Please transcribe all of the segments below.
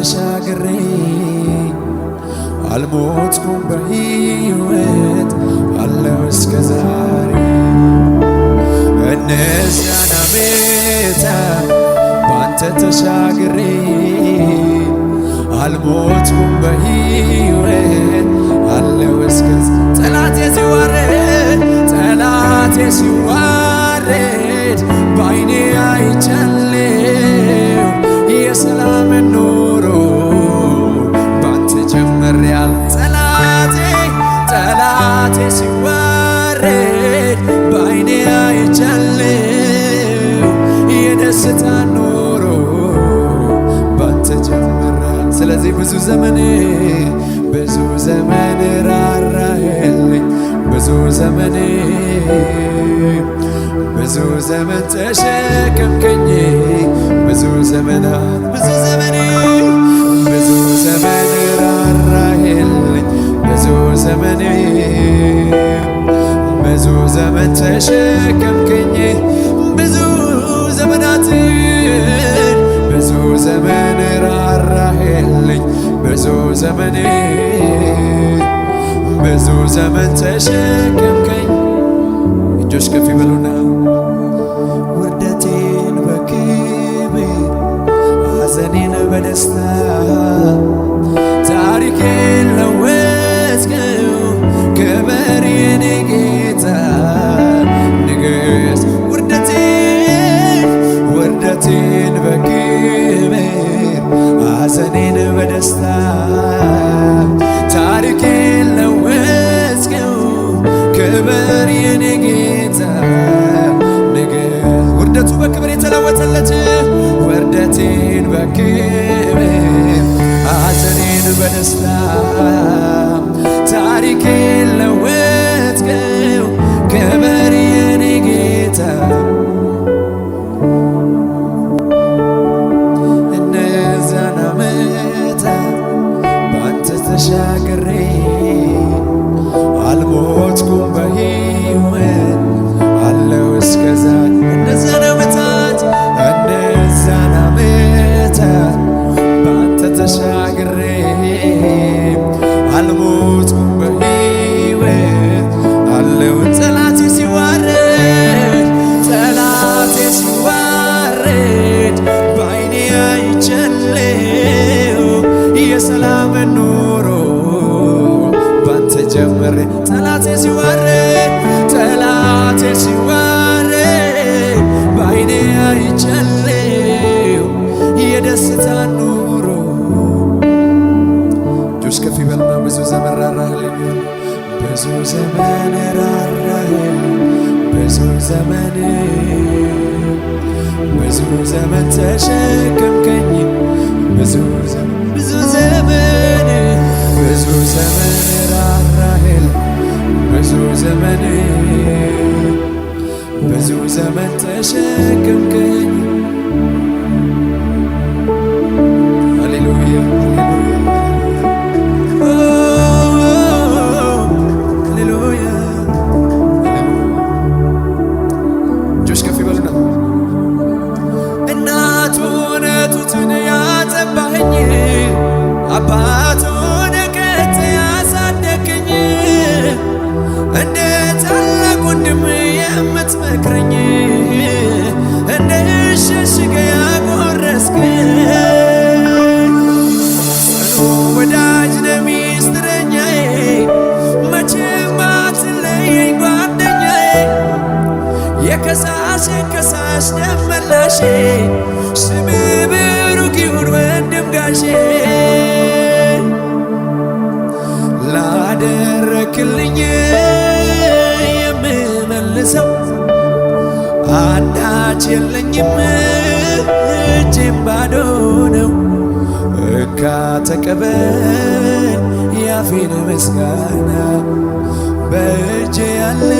ተሻግሬ አልሞትኩም በሕይወት አለው እስከ ዛሬ ባንተ ተሻግሬ አልሞትኩም በሕይወት አለው እስከ ጠላቴ ሲዋረድ ጠላቴ ሲዋረድ በዓይኔ አይቻለው የሰላምን ጠላቴ ሲዋረድ በአይኔ አይቻለው የደስታ ኑሮ ባንተ ጀመረ። ስለዚህ ብዙ ዘመን ብዙ ዘመን ራራህልኝ ብዙ ዘመን ብዙ ዘመን ተሸከምከኝ ብዙ ዘመናት ብዙ ዘመን ብዙ ዘመን ራራህልኝ ዘመኔ ብዙ ዘመን ተሸከምከኝ ብዙ ዘመናትን ብዙ ዘመን ራራህልኝ ብዙ ዘመኔ ብዙ ዘመን ተሸከምከኝ እጆች ከፍ ይበሉና ውርደቴን በክብር ሐዘኔን በደስታ ታሪኬን ለው ክበር የኔ ጌታ ንግስ ውርደቴን ውርደቴን በክብር ሐዘኔን በደስታ ታሪኬን የኔ ጌታ ንግስ ውርደቱ በክብር የተለወጠለት ውርደቴን በክብር ሐዘኔን በደስታ Jacques Rey. ዘመን ብዙ ዘመን ብዙ ዘመን ብዙ ዘመን ተሸከምከኝ፣ ብዙ ብዙ ዘመን ብዙ ዘመን ብዙ ዘመን ብዙ ዘመን ተሸከምከኝ። ሃሌሉያ ሃሌሉያ bye. ተቀበል ያፌን ምስጋና በእጅ ያለ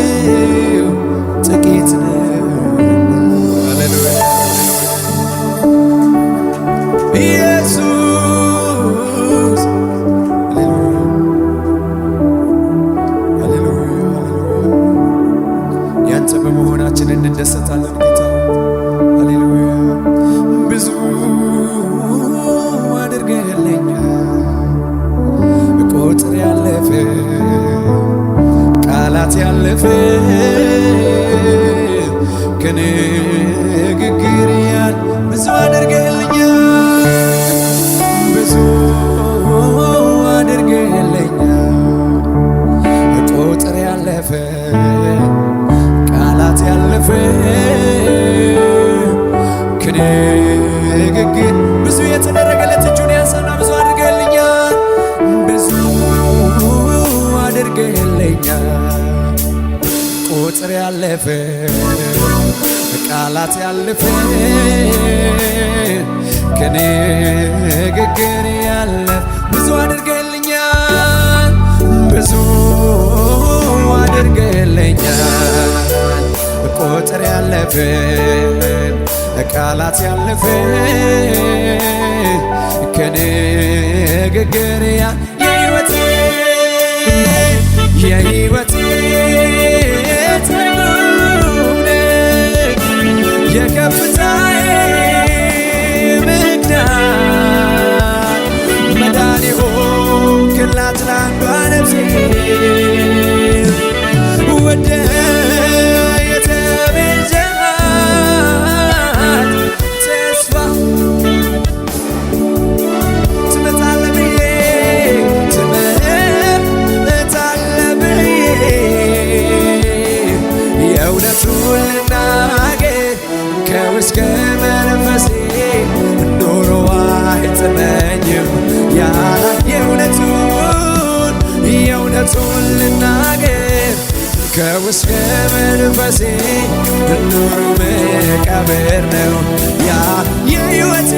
ኤፍሬም ከንግግር ብዙ የተደረገለት እጁን ያንሳና ብዙ አድርገልኛል ብዙ አድርገልኛል ቁጥር ያለፈ ቃላት ያለፈ ከንግግር ያለፍ ብዙ አድርገልኛል ብዙ አድርገልኛል ቁጥር ያለፈን ቃላት ያለፈ ከንግግር የህይወት የህይወት የከፍታ ከውስጥ መንፈሴ መኖሩ መቃብር ነው። ያ የሕይወቴ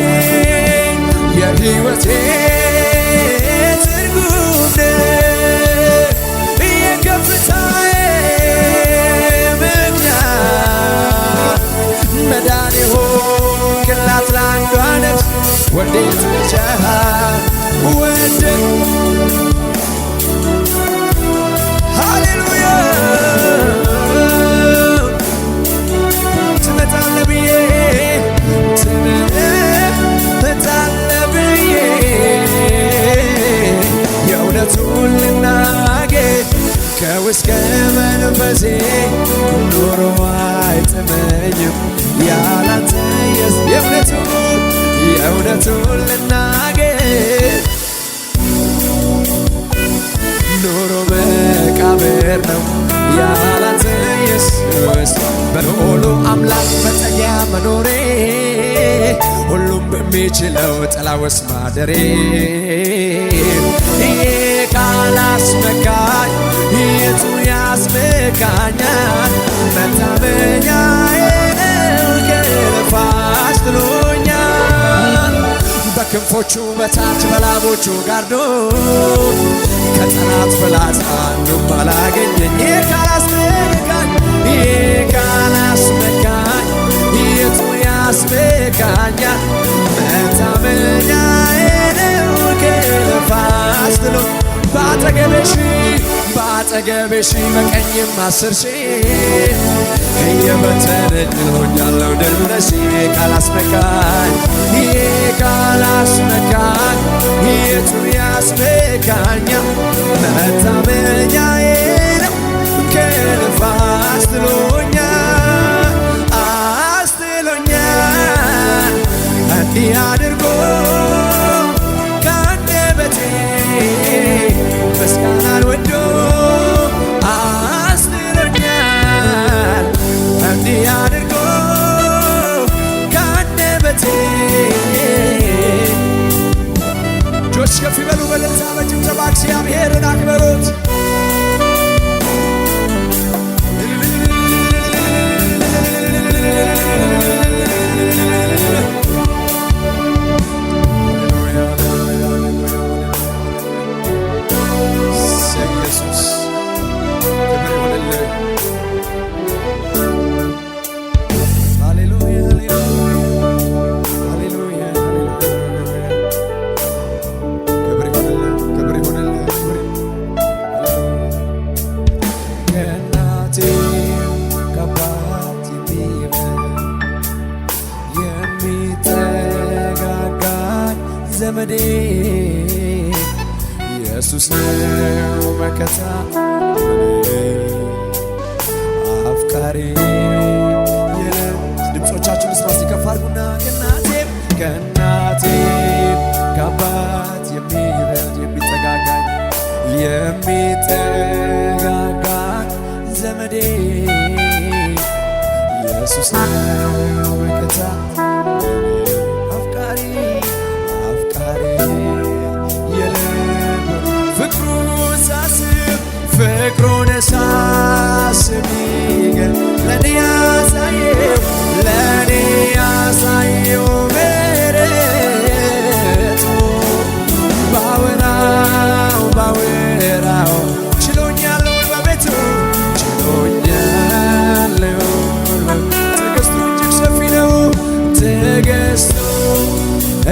የሕይወቴ ትርጉም የከፍታዬ ምክንያት መዳኔ ሆንክላት ለአንዷ ወዴት ቻ ወደ እስከ መንፈሴ ኖሮ አይጥመኝም ያላንተ የእውነቱን የእውነቱን ልናገር ኖሮ መቃብር ነው ያላንተ ኢየሱስ በሁሉ አምላክ መጠጊያ መኖሬ ሁሉም በሚችለው ጥላ ውስጥ ማደሬ ይህ ቃል አስመካኝ የቱ ያስብቃኛል መታመኛዬ ገፋሽ በክንፎቹ በታች በላቦቹ ጋርዶ ከጠላት ፍላጻ አንዱም አላገኘኝ ካላስብቃኝ ካላስብቃኝ መታመኛዬ ገፋሽ በአጠገብሽ በቀኝም አስር እየበተነኝ ሆኛለሁ ድል ካላስነካኝ ይሄ ካላስነካኝ የቱ ያስነካኛል? መታመኛዬ ነው እንዲህ አድርጎ ከፍ በሉ በደስታ በጭብጨባ እግዚአብሔርን አክብሩት።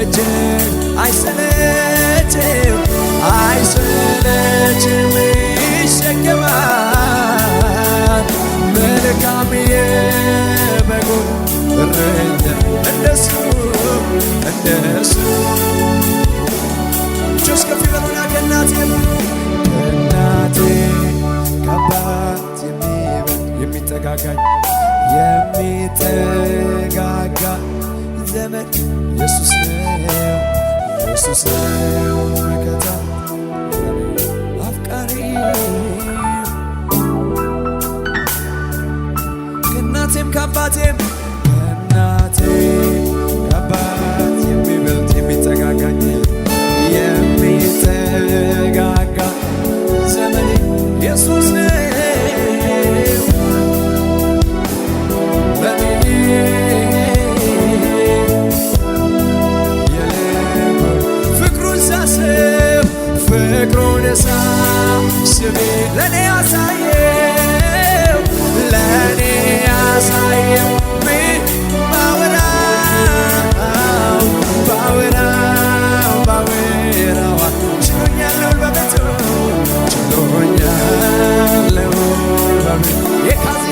አይሰለችም አይሰለችም አይሰለችም ይሸከማል መልካም የበጉ እረኛ እንደሱ እንደሱ ልጆች ከፍ በሉና ከእናቴ በሉ ከአባት የሚበልጥ የሚጠጋጋኝ የሚጠጋጋ ዘመን ኢየሱስ ነው ኢየሱስ ነው መከታ አፍቃሪ ከእናቴም ከአባቴም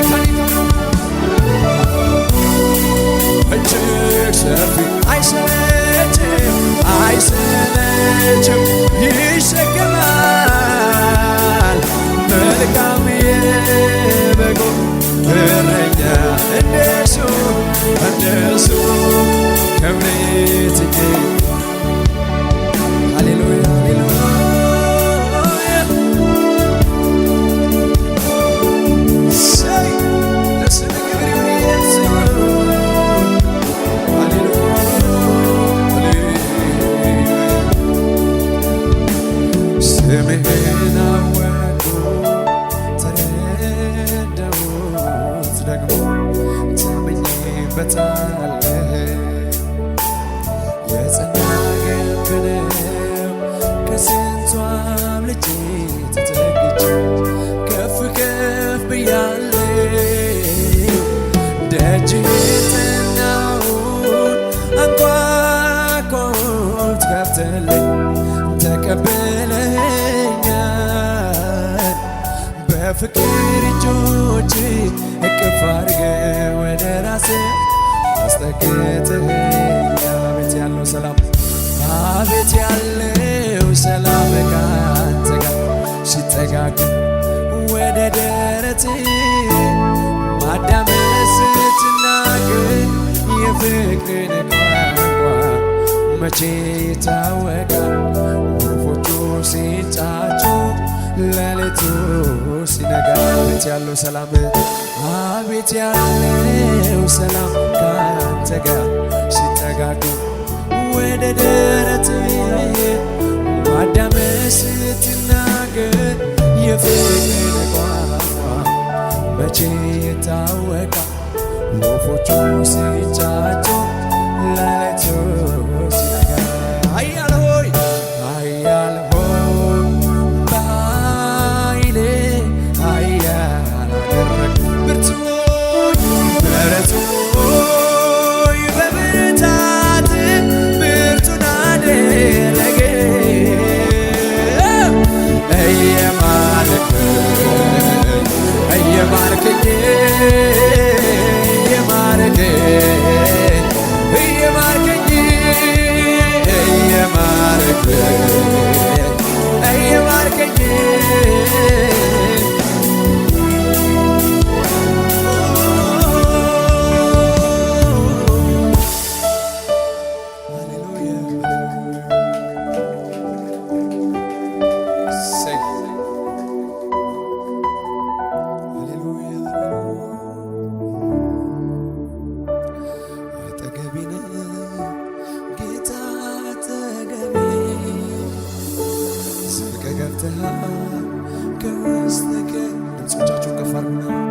life በፍቅር እጆች እቅፍ አድርገ ወደ ራሴ አስጠግተኛ አቤት ያለው ሰላም አቤት ያለው ሰላም ካንተ ጋር ሲጠጋግ ወደ ደረቴ ማዳመ ስትናገር የፍቅር ቋንቋ መቼ ይታወቃል ወፎቹ ሲጫ ለሌቱ ሲነጋ ቤት ያለው ሰላም አቤት ያለው ሰላም ካንተ ጋር ሲጠጋጉ ወደ ደረት ማዳመ ስትናገር የፍቅር ቋንቋ መቼ የታወቃ ወፎቹ ሲጫጩ ለሌቱ ገብተሃል ከውስጥ ከ ድምፆቻችሁን ከፍ አድርጉና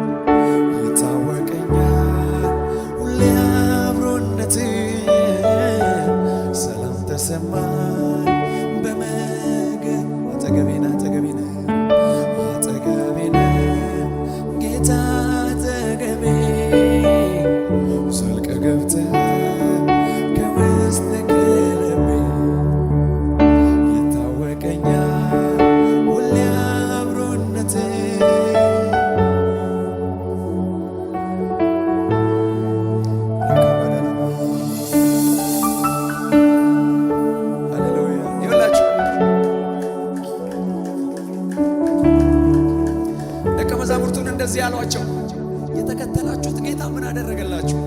እንደዚህ ያሏቸው። የተከተላችሁት ጌታ ምን አደረገላችሁ?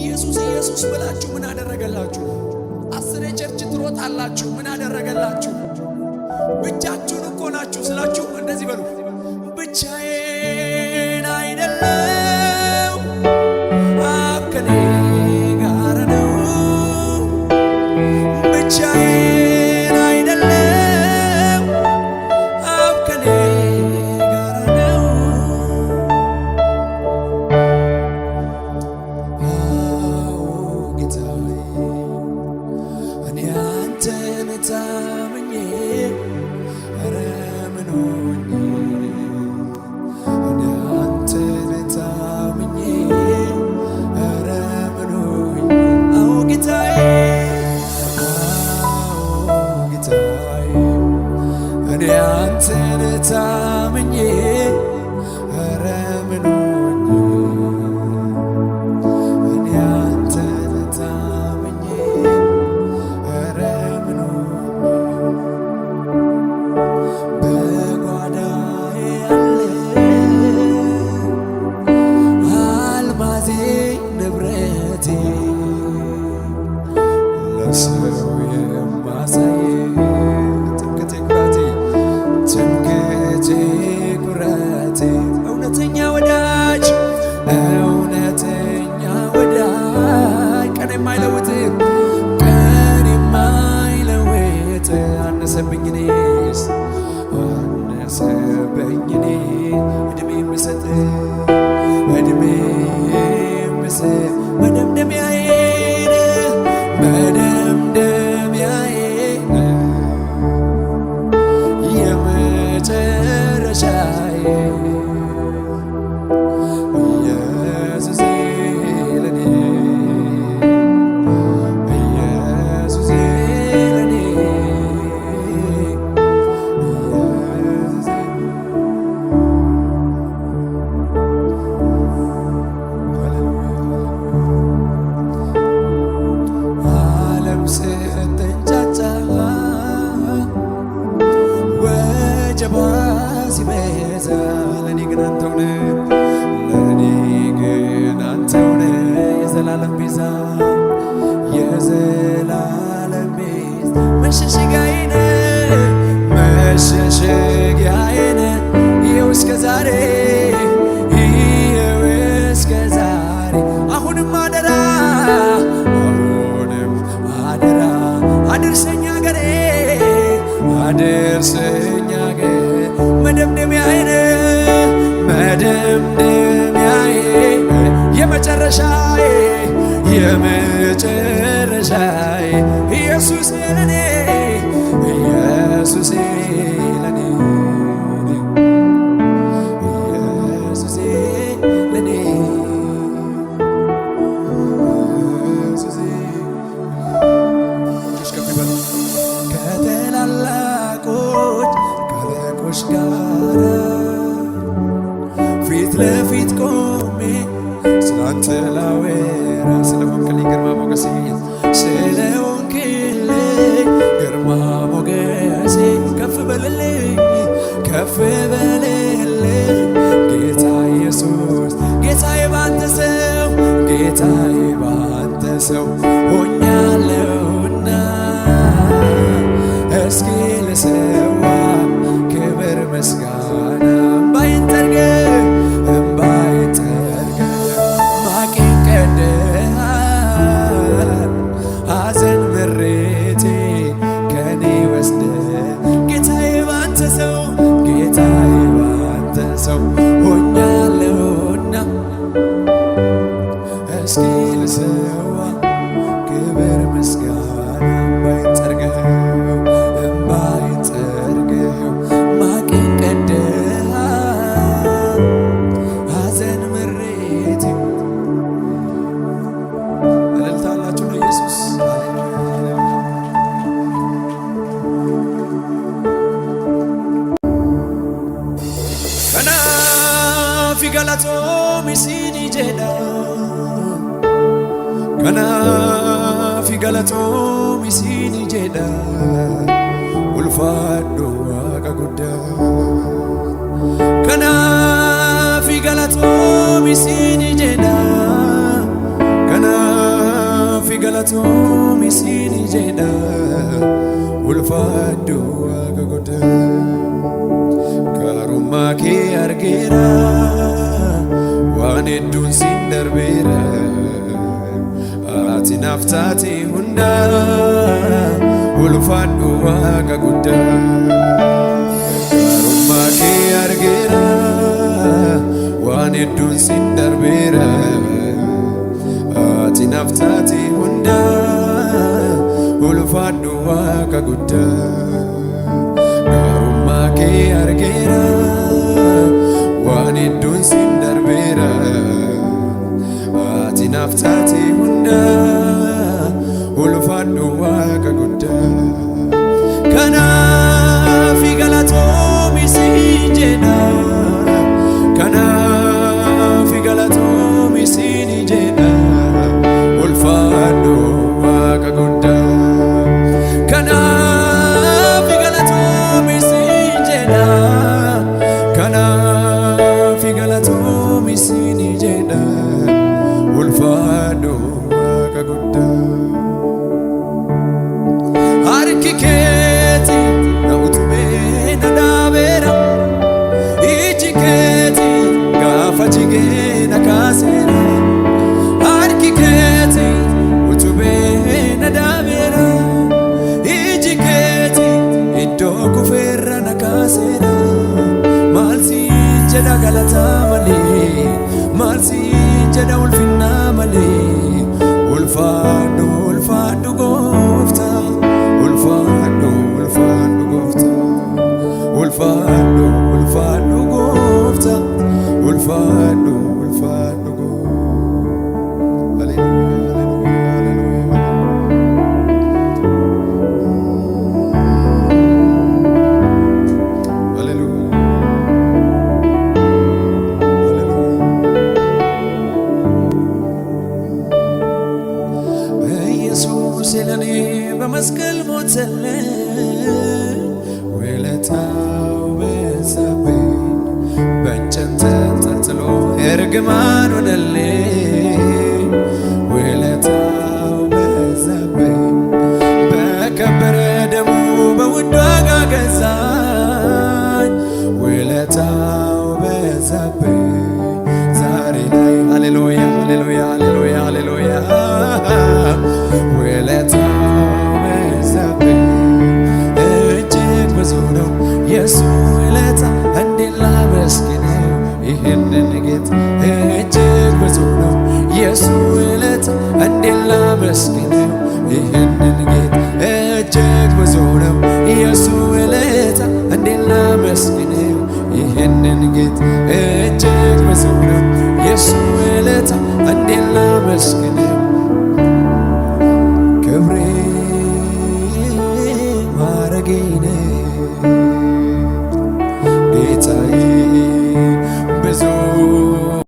ኢየሱስ ኢየሱስ ብላችሁ ምን አደረገላችሁ? አስር የቸርች ትሮጣላችሁ ምን አደረገላችሁ? ብቻችሁን እኮ ናችሁ ስላችሁ እንደዚህ በሉ እውነተኛ ወዳጅ መደምደሚያዬ የመጨረሻዬ የመጨረሻዬ ኢየሱስ ለኔ ኢየሱስ ለኔ ጥላዌ ስለሆንክልኝ ግርማ ሞገሴ ስለሆንክልኝ ግርማ ሞገሴ ከፍ በልልኝ ከፍ በልልኝ ጌታ ኢየሱስ ጌታዬ ባንተ ሰው ጌታዬ ባንተ ሰው ሆኛለሁና እስኪ ልሰዋ ክብር ምስጋና Kanaafi galatoomi siinii jedha ulfaadhoo waaqa guddaa. Kanaafi galatoomi siinii jedha Kanaafi galatoomi siinii jedha ulfaadhoo waaqa guddaa. Gaarummaa kee argeera waan hedduun siin darbeera. ናፍታቲ ሁንዳ ኡልፋዱ ዋጋ ጉዳ ጋሩማኬ አርጌራ ዋን ሄዱን ሲንደርቤራ አቲ ናፍታቲ ሁንዳ ኡልፋዱ ዋጋ ጉዳ gaarummaa kee argeera waan hedduun ናፍታት ይሁና ሁልፋዱ ዋግ forward. 在北。ጌት እጅግ ብዙ ነው የሱ ውለታ እንዴት ላመስግን